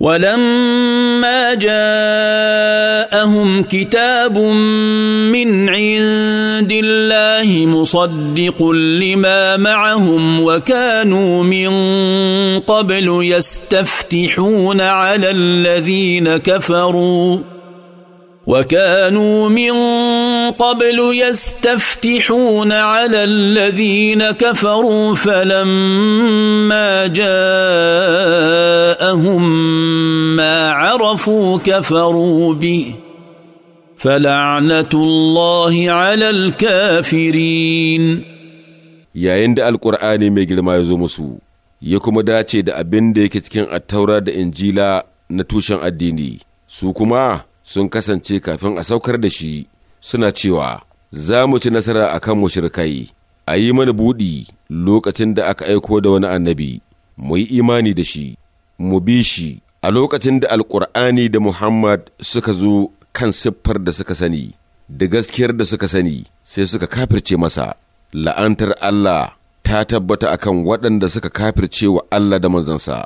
ولما جاءهم كتاب من عند الله مصدق لما معهم وكانوا من قبل يستفتحون على الذين كفروا وكانوا من قبل يستفتحون على الذين كفروا فلما جاءهم ما عرفوا كفروا به فلعنه الله على الكافرين yayin da alkur'ani mai girma yazo musu ya kuma dace da abin da yake cikin attaura da injila na tushen addini su kuma sun kasance kafin a saukar da shi suna cewa za mu ci nasara a kan mushirkai a yi mana buɗi lokacin da aka aiko da wani annabi mu yi imani da shi mu bi shi a lokacin da alkur'ani da muhammad suka zo kan siffar da suka sani da gaskiyar da suka sani sai suka kafirce masa la'antar allah ta tabbata akan waɗanda suka kafirce wa allah da manzansa